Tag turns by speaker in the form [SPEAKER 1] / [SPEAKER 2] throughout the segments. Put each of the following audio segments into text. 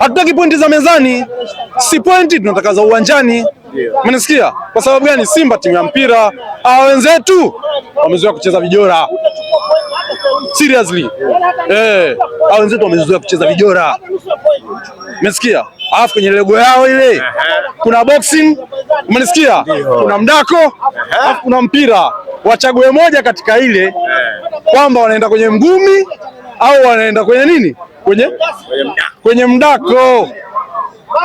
[SPEAKER 1] hatutaki pointi za mezani, si pointi tunataka za uwanjani. Mnasikia? Kwa sababu gani? Simba timu ya mpira, hawa ah, wenzetu wamezoea kucheza vijora seriously, eh, hawa ah, wenzetu wamezoea kucheza vijora, umesikia? Alafu ah, kwenye lego yao ile kuna boxing, umenisikia? Kuna mdako alafu kuna mpira, wachague moja katika ile, eh. kwamba wanaenda kwenye mgumi au wanaenda kwenye nini kwenye kwenye mdako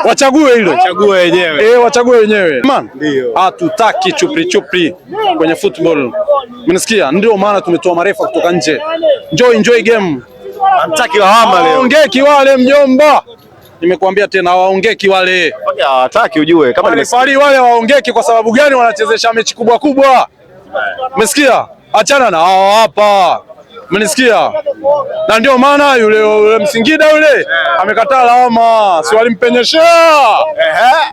[SPEAKER 1] wachague hilo, wachague wenyewe eh, wachague wenyewe. Ndio hatutaki chupri chupri kwenye football, mnasikia? Ndio maana tumetoa marefa kutoka nje. Enjoy, enjoy game,
[SPEAKER 2] hamtaki lawama leo. Waongeki
[SPEAKER 1] wale mjomba, nimekuambia tena, waongeki wale,
[SPEAKER 2] hawataki ujue kama nimefari
[SPEAKER 1] wale, waongeki kwa sababu gani? Wanachezesha mechi kubwa kubwa, umesikia? Achana na hao hapa mnisikia? Na ndio maana yule yule Msingida yule eh. amekataa lawama, si walimpenyeshea.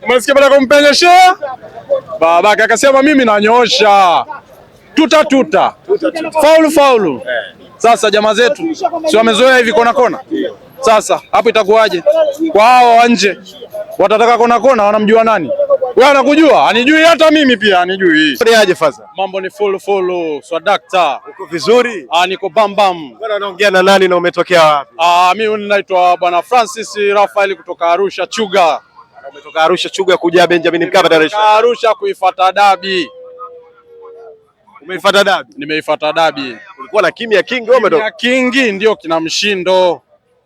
[SPEAKER 1] mnisikia, Baada ya kumpenyeshea babake akasema mimi nanyoosha tuta tuta, faulu faulu. Eh. Sasa jamaa zetu si wamezoea hivi kona kona. Sasa hapo itakuwaje kwa hao wa nje? Watataka kona kona, wanamjua nani? Wewe anakujua? Anijui hata mimi pia anijui. Aje faza? Mambo ni full full. Swa Swadakta. Uko
[SPEAKER 2] vizuri?
[SPEAKER 1] Ah, niko bam bam. Wewe
[SPEAKER 2] unaongea na nani na umetokea wapi?
[SPEAKER 1] Ah, mimi ninaitwa Bwana Francis Rafael kutoka Arusha Chuga.
[SPEAKER 2] Umetoka Arusha Chuga kuja Benjamin Mkapa Dar es Salaam.
[SPEAKER 1] Arusha kuifuata dabi.
[SPEAKER 2] Umeifuata dabi?
[SPEAKER 1] Nimeifuata dabi.
[SPEAKER 2] Ulikuwa na kimya kingi wewe umetoka.
[SPEAKER 1] Kimya Kingi ndio kina mshindo.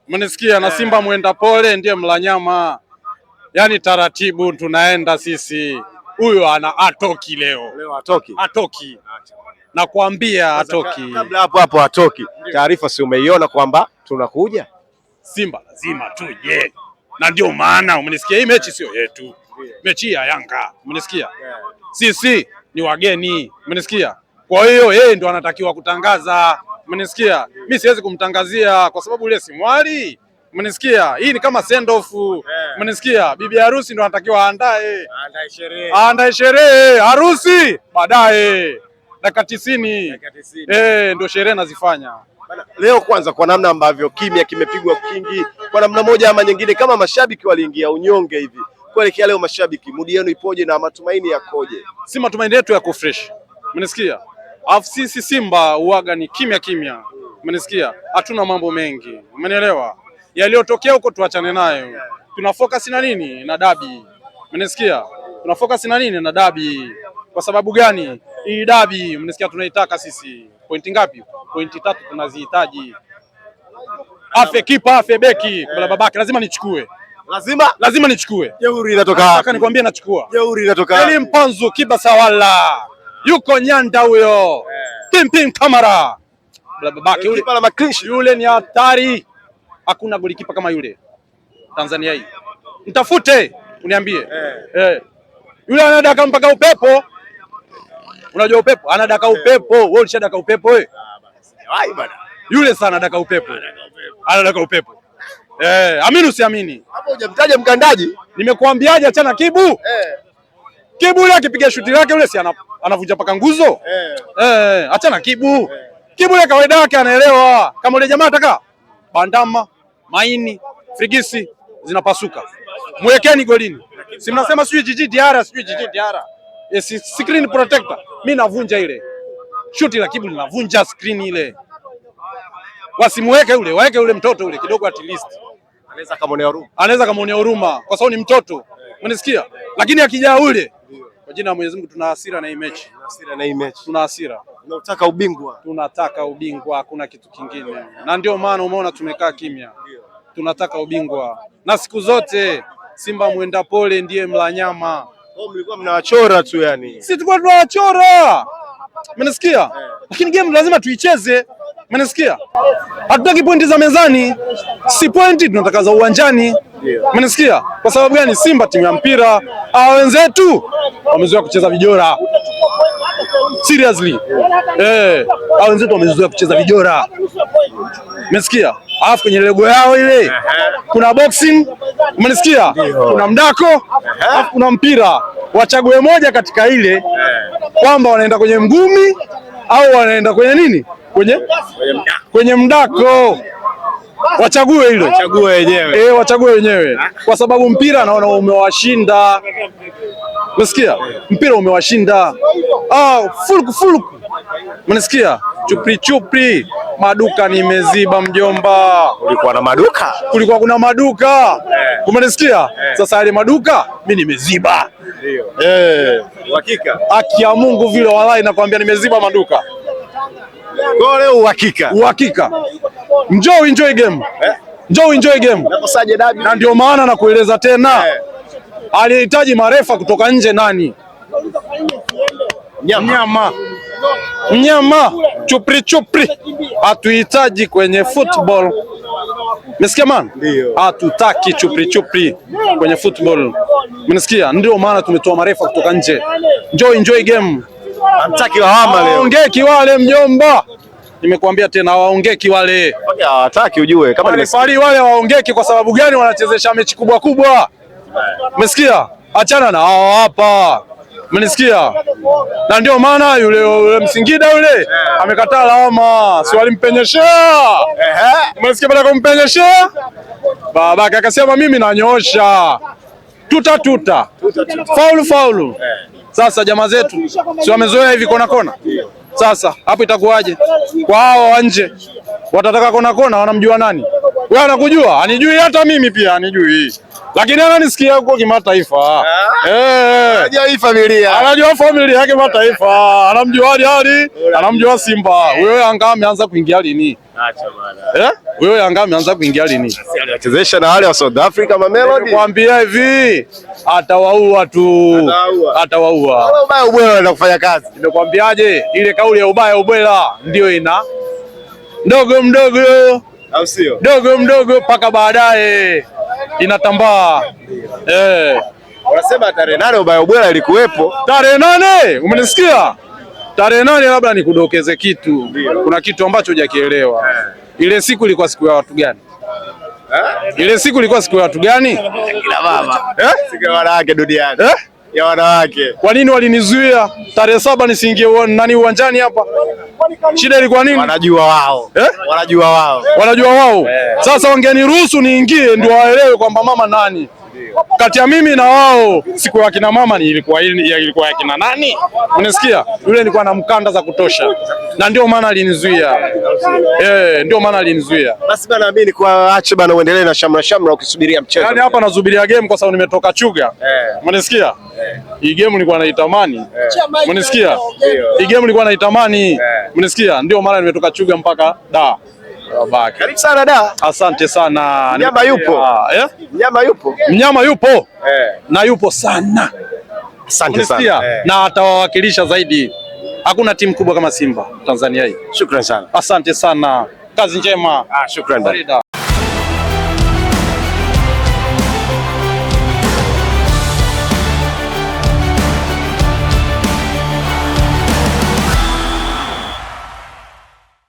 [SPEAKER 1] Mnisikia na eh. Simba muenda pole ndiye mla nyama yani taratibu tunaenda sisi, huyo ana atoki leo, leo atoki, atoki nakwambia atoki. Kabla hapo
[SPEAKER 2] hapo atoki, taarifa si umeiona kwamba tunakuja
[SPEAKER 1] Simba lazima tuje, Na ndio maana umenisikia, hii mechi sio yetu Mechi ya Yanga umenisikia yeah. Sisi ni wageni umenisikia, kwa hiyo yeye ndo anatakiwa kutangaza umenisikia Mimi Mi siwezi kumtangazia kwa sababu ile simwali Mnisikia? Hii ni kama send off. Yeah. Mnisikia? Bibi harusi ndo anatakiwa aandae.
[SPEAKER 2] Aandae sherehe.
[SPEAKER 1] Aandae sherehe, harusi baadaye. Dakika 90. Dakika 90. Eh, ndo sherehe nazifanya.
[SPEAKER 2] Leo kwanza, kwa namna ambavyo kimya kimepigwa kingi, kwa namna moja ama nyingine, kama mashabiki waliingia unyonge hivi kuelekea leo, mashabiki mudi yenu ipoje na matumaini yakoje?
[SPEAKER 1] Si matumaini yetu yako fresh, mnisikia? Alafu sisi Simba uaga ni kimya kimya, mnisikia? Hatuna mambo mengi, umenielewa? yaliyotokea huko tuachane nayo, tuna focus na nini na dabi. Mnasikia, tuna focus na nini na dabi. Kwa sababu gani? Hii dabi mnasikia, tunaitaka sisi. Pointi ngapi? Pointi tatu tunazihitaji. Afe kipa afe beki bila eh. babake, lazima nichukue
[SPEAKER 2] lazima lazima nichukue. Jeuri inatoka Nataka
[SPEAKER 1] nikwambie, nachukua. Jeuri inatoka Eli Mpanzu kiba sawala yuko nyanda huyo, yeah. pim kamera bila babake yule, yule ni hatari hakuna golikipa kama yule Tanzania hii. Mtafute uniambie eh. Eh. Yule anadaka mpaka upepo, unajua upepo anadaka upepo. Wewe ulishadaka upepo eh? ah, wewe? bana. Yule sana daka upepo, anadaka upepo eh. Amini usiamini, hapo
[SPEAKER 2] hujamtaja mkandaji.
[SPEAKER 1] Nimekuambiaje? Achana Kibu eh. Kibu yule akipiga shuti lake yule si anavunja paka nguzo eh. Eh, achana Kibu eh. Kibu yule kawaida yake anaelewa, kama yule jamaa ataka bandama Maini, Frigisi zinapasuka. Mwekeni golini. Si mnasema sijui jiji diara, sijui jiji diara. Yes, screen protector. mi navunja ile. Shuti la kibu linavunja screen ile. Wasimweke ule, waeke ule mtoto ule kidogo at least.
[SPEAKER 2] Anaweza kamonea huruma.
[SPEAKER 1] Anaweza kamonea huruma kwa sababu ni mtoto. Unanisikia? Lakini akija ule kwa jina la Mwenyezi Mungu tuna hasira na hii mechi. Tuna
[SPEAKER 2] hasira na hii mechi. Tuna hasira. Tunataka ubingwa.
[SPEAKER 1] Tunataka ubingwa, hakuna kitu kingine. Na ndio maana umeona tumekaa kimya tunataka ubingwa na siku zote Simba mwenda pole ndiye mla nyama.
[SPEAKER 2] Oh, mlikuwa mnawachora tu yani. Sisi
[SPEAKER 1] tulikuwa tunawachora. Mmenisikia? Yeah. Lakini game lazima tuicheze. Mmenisikia? Hatutaki pointi za mezani, si pointi tunataka za uwanjani. Mmenisikia? Yeah. Kwa sababu gani? Simba timu ya mpira, hawa ah, wenzetu wamezoea kucheza vijora. Seriously. Eh, yeah. Hey, wenzetu wamezoea kucheza vijora. Mmenisikia? alafu kwenye lego yao ile kuna boxing, umenisikia? Kuna mdako, alafu kuna mpira. Wachague moja katika ile, kwamba wanaenda kwenye mgumi au wanaenda kwenye nini, kwenye kwenye mdako. Wachague hilo, wachague
[SPEAKER 2] wenyewe eh,
[SPEAKER 1] wachague wenyewe, kwa sababu mpira naona umewashinda. Umesikia? Mpira umewashinda. Ah, fuluku fuluku Mnisikia? Chupri chupri, maduka nimeziba mjomba.
[SPEAKER 2] Kulikuwa na maduka,
[SPEAKER 1] kulikuwa kuna maduka Eh. Umenisikia Eh. Sasa yale maduka mimi nimeziba, ndio eh, uhakika, haki ya Mungu vile, walai nakwambia nimeziba maduka Gole, uhakika, uhakika. Njoo enjoy game Eh. Njoo enjoy game na ndio maana nakueleza tena Eh. Alihitaji marefa kutoka nje nani? Nyama, Nyama. Mnyama chupri chupri hatuhitaji kwenye football. Mesikia man, hatutaki chupri chupri kwenye football. Mnasikia? Ndio maana tumetoa marefa kutoka nje. Enjoy, enjoy game.
[SPEAKER 2] Hamtaki lawama leo.
[SPEAKER 1] Waongeki wale mjomba. Nimekuambia tena waongeki wale.
[SPEAKER 2] Hawataki ujue kama nimefari
[SPEAKER 1] wale waongeki kwa sababu gani wanachezesha mechi kubwa kubwa. Mesikia? Achana na hao hapa mnisikia Na ndio maana yule yule Msingida yule eh. amekataa lawama, si walimpenyeshea. Mnisikia, Baada ya kumpenyeshea babake akasema mimi nanyoosha tuta tuta, faulu faulu. Eh. Sasa jamaa zetu si wamezoea hivi kona kona. Sasa hapo itakuwaje kwa hao wa nje? Watataka kona kona, wanamjua nani? Wewe anakujua? Anijui hata mimi pia anijui lakini ananisikia huko kimataifa, ah. eh.
[SPEAKER 2] anajua familia,
[SPEAKER 1] anajua familia yake mataifa, ah. anamjua hali, anamjua Simba. Huyo Yanga ameanza kuingia lini? Eh? Huyo Yanga ameanza kuingia lini?
[SPEAKER 2] Anachezesha na wale wa South Africa, Mamelodi. Kwambia
[SPEAKER 1] hivi atawaua tu, atawaua.
[SPEAKER 2] Ubaya ubwela na kufanya kazi,
[SPEAKER 1] nimekwambiaje? Ile kauli ya ubaya ubwela ndio ina ndogo mdogo,
[SPEAKER 2] au sio? Ndogo
[SPEAKER 1] mdogo paka baadaye inatambaa eh.
[SPEAKER 2] Wanasema tarehe nane ubaya bora ilikuwepo
[SPEAKER 1] tarehe nane, umenisikia? Tarehe nane, labda nikudokeze kitu, kuna kitu ambacho hujakielewa. Eh. Ile siku ilikuwa siku ya watu gani? Eh? Ile siku ilikuwa siku ya watu gani? Kila
[SPEAKER 2] mama eh, siku ya wanawake duniani eh?
[SPEAKER 1] ya wanawake. Kwa nini walinizuia tarehe saba nisiingie nani uwanjani hapa? Shida ilikuwa nini?
[SPEAKER 2] Wanajua wao. Eh?
[SPEAKER 1] Wanajua wao. Wanajua wao. Eh. Sasa wangeniruhusu niingie ndio waelewe kwamba mama nani kati ya mimi na wao siku ya kina mama ni ilikuwa ilikuwa ya kina nani? Unasikia? Yule nilikuwa na mkanda za kutosha, na ndio maana alinizuia eh, ndio maana alinizuia.
[SPEAKER 2] Basi bana, mimi nikuache bana, uendelee na shamra shamra ukisubiria mchezo. Yaani
[SPEAKER 1] hapa nasubiria game kwa sababu nimetoka chuga, Eh. umenisikia? Eh. Hii game nilikuwa naitamani, eh. umenisikia? Ndio. Hii game nilikuwa naitamani, eh. umenisikia? Ndio maana nimetoka chuga mpaka da
[SPEAKER 2] karibu sana da.
[SPEAKER 1] Asante sana. Mnyama
[SPEAKER 2] yupo. Ah, eh?
[SPEAKER 1] Mnyama yupo. Mnyama yupo. Eh. Na yupo sana. Asante sana. Eh. Na atawawakilisha zaidi hakuna timu kubwa kama Simba Tanzania hii.
[SPEAKER 2] Shukrani sana, asante
[SPEAKER 1] sana, kazi njema. Ah,
[SPEAKER 2] shukrani.